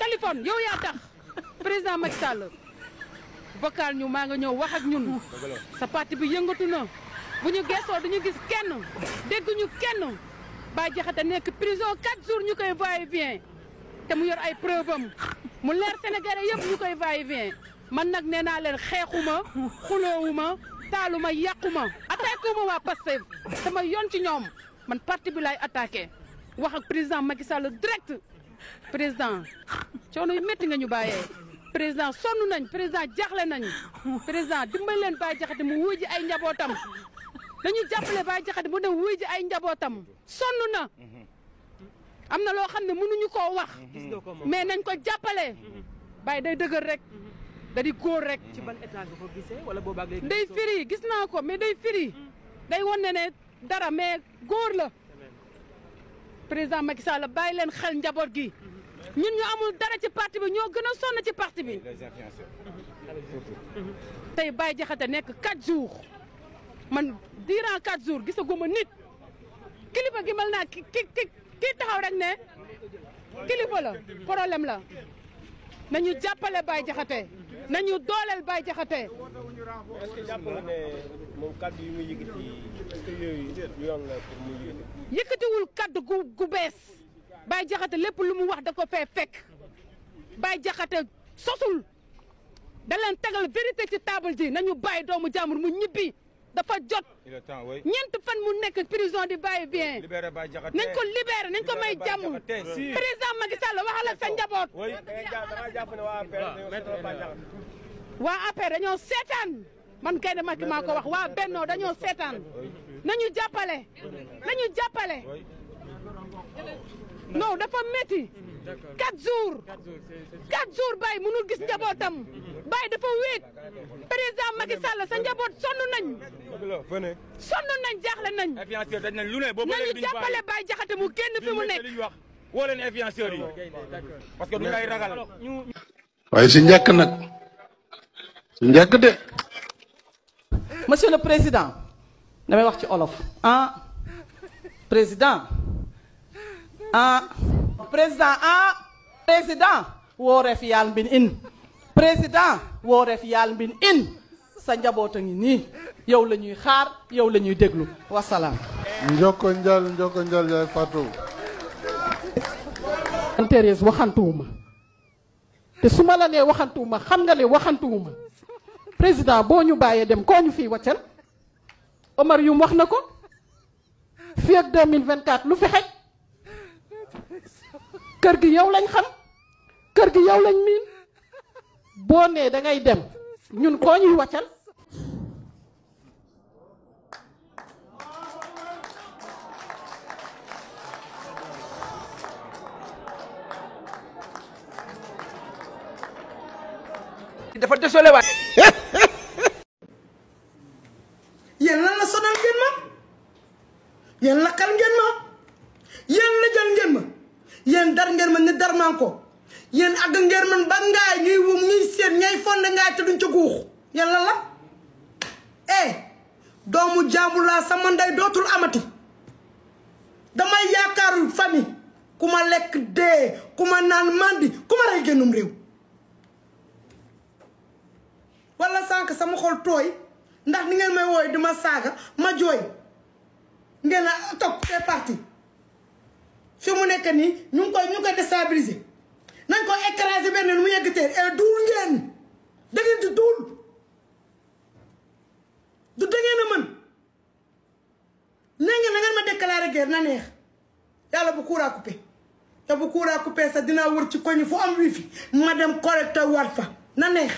Californie yow yaa tax président Macky Sall vocal ñu maa nga ñëw wax ak ñun sa parti bi yëngatu na bu ñu gëstoo duñu gis kenn dégguñu kenn ba jaxate nekk prison 4 jours ñu koy va-et-vient te mu yor ay preuve am mu leer Sénégalais yëpp ñu koy va-et-vient man nag nee naa leen xeexuma xuloowuma taaluma yàquma attaqué wu ma waa Pastef sama yoon ci ñoom man parti bi laay attaqué wax ak président Macky Sall direct président coono yu métti nga ñu bàyyee président sonn nañ président jaxle nañu président dimbali leen Baye Diakhaté mu wuy ji ay njabootam dañu jàppale Baye Diakhaté mu dem wuy ji ay njabootam sonn na am na loo xam ne mënuñu ko wax mais nañ ko jàppale Baye day dëgër rek da di góor rek ci ban état wala boobaag léegi day firi gis naa ko mais day firi day wan ne dara mais góor la président Macky Sall bàyyi leen xel njaboot gi ñun ñu amul dara ci parti bi ñoo gën a sonn ci parti bi tey Baye Diakhaté nekk 4 jours man durant 4 jours gisaguma nit kilifa gi mel naa ki ki kii taxaw rek ne kilifa la problème la nañu jàppale Baye Diakhaté nañu dooleel Baye Diakhaté est ce que jàpp nga ne moom kaddu yi muy yëkkati est ce que yooyu yoon gu gu bees Baye Diakhaté lépp lu mu wax da ko fee fekk Baye Diakhaté sosul da leen tegal vérité ci table ji nañu bàyyi doomu jàmbur mu ñibbi dafa jot. ñeent fan mu nekk prison di bàyyi bien. nañ ko libéré nañ ko may jàmm. président Macky Sall waxal ak sa njaboot. wa apé dañoo sétane man kay de ki mako wax wa Benno dañoo sétane nañu jappalé nañu jappalé non dafa metti 4 jours 4 jours bay mënul gis njabotam bay dafa wéet président Macky Sall sa njabot sonu nañ sonu nañ jaxlé nañ nañu jappalé bay Jaxate mu génn fi mu nekk wolen leen yi parce que ñu ngay ragal waaye si njëkk nak njëkk monsieur le président damay wax ci olof ah président ah président ah président woo ref yaal président. in président woo ref yaal président. in sa njaboot président. ngi président. yow président. ñuy xaar yow président. ñuy président. wasalaam njoko njal njoko njal président. Fatou te su la nee waxantuwuma xam nga président boo ñu bàyyee dem koo ñu fii waccal Omar Youm wax na ko fii ak 2024 lu fi xej kër gi yow lañ xam kër gi yow lañ miin boo nee da ngay dem ñun koo ñuy waccal dafa désolé waay. yéen lan la sonal ngeen ma yéen lakkal ngeen ma yéen lëjal ngeen ma yéen dar ngeen ma ni dar maa ko yéen àgg ngeen man ba ngaay ñuy wum ñuy seen ñay fonde ngaay te duñ ca guux yéen la eh doomu jàmbur laa sama ndey dootul amati damay yaakaarul famille ku ma lekk dee ku ma naan mandi ku ma rey génnum réew sama xol tooy ndax ni ngeen may wooy di ma saaga ma jooy ngeen a topp c'est parti fi mu nekk nii ñu ngi koy ñu ngi koy déstabiliser nañ ko écraser benn nu mu yegg teer eh, duul ngeen da ngeen mën nee ngeen na ngeen ma déclarer guerre na neex yàlla bu kuuraa coupé te bu kuuraa coupé sax dinaa wut ci koñ fu am wifi ma dem collecté waat fa na neex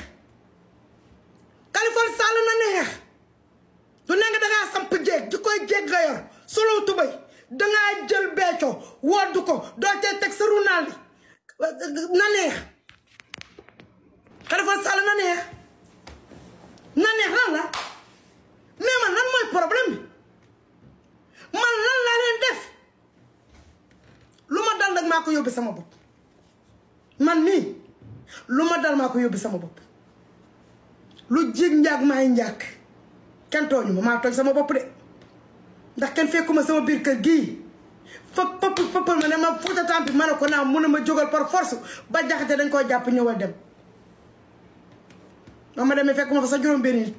dangaa jël becco wodd ko doo tee teg sa runaal na neex Xalifa Sall na neex na neex lan la mais man lan mooy problème man lan laa leen def lu ma dal nag maa ko yóbbi sama bopp man nii lu ma dal maa ko yóbbi sama bopp lu jig njaag maay njaag kenn tooñu maa tooñ sama bopp de ndax kenn fekkuma sama biir kër gii fa pëpp pëppal ma ne ma fuuta tampi ma ne ko naa mun a ma jógal par force ba jaxate dañ koo jàpp ñëwal dem ma ma demee fekkuma fa sa juróom benn nit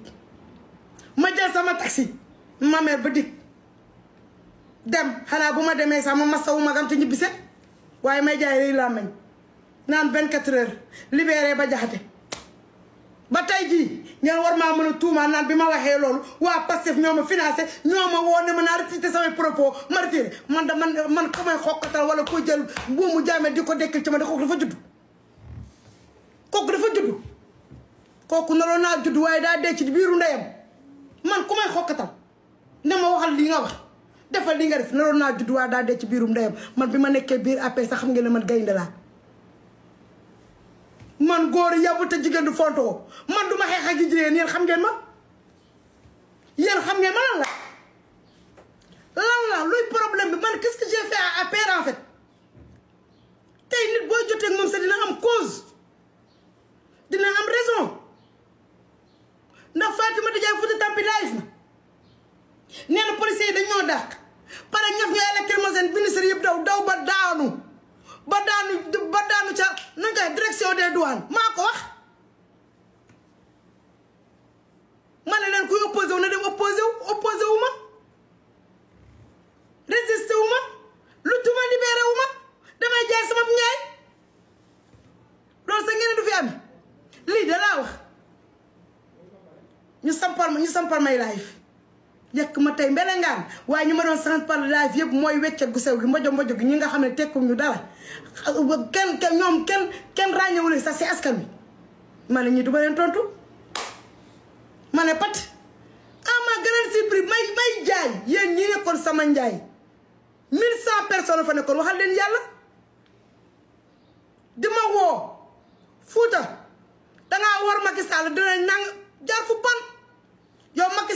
ma jël sama taxi ma mère ba dikk dem xanaa bu ma demee sax ma masawu magam te ñibbi set waaye may jaay rëy laa meñ naan 24 heures libéré ba jaxate ba tey jii ngeen war maa mën a tuumaa naan bi ma waxee loolu waa Pastef ñoo ma financé ñoo ma woo ne ma naa retiré samay propos ma retiré man da man man ku may xokkatal wala ko jël buumu jaamee di ko dekkil ci ma de kooku dafa judd kooku dafa judd kooku naroon naa judd waaye daa dee ci biiru ndeyam man ku may xokkatal ne ma waxal li nga wax defal li nga def naroon naa judd waaye daa dee ci biirum ndeyam man bi ma nekkee biir APS sax xam ngeen ne man gaynde laa man goor yabu te jigéen du fontoo man du ma xeex ak jigéen yéen xam ngeen ma yeen xam ngeen ma lan la lan la luy problème bi man qu'est-ce que j'ai fait à père en fait tay nit boy jotee ak moom sax dina am cause dina am raison ndax Fatoumata Ndiaye Fouta Tampi live na nee na policiers yi dañoo dàq pare ñof ñu lacrymogène ministre yeb daw daw ba daanu ba daanu ba ca nu ñu koy direction des douanes maa wax ma ne leen kuy opposé wu na dem opposé wu opposé wu ma résisté wu ma luttu damay jaay sama ñaay loolu sa ngeen du fi am lii da laa wax ñu sampal ma ñu sampal may live yëkk ma tey mbelengaan waaye ñu ma doon sant par live yëpp moy wecce gu sew gi mojo mojo gi ñi nga xamné ne ñu dara kenn kenn ken kenn kenn ràññewul sa ci askan bi ma ne ñi du ma tontu ma ne pat Ama ah, ma gënal prix may may jaay yeen ñi kon sama njaay 1100 personnes fa kon waxal leen yalla di wo futa da nga war Macky da dina nang jar fu pan yo Macky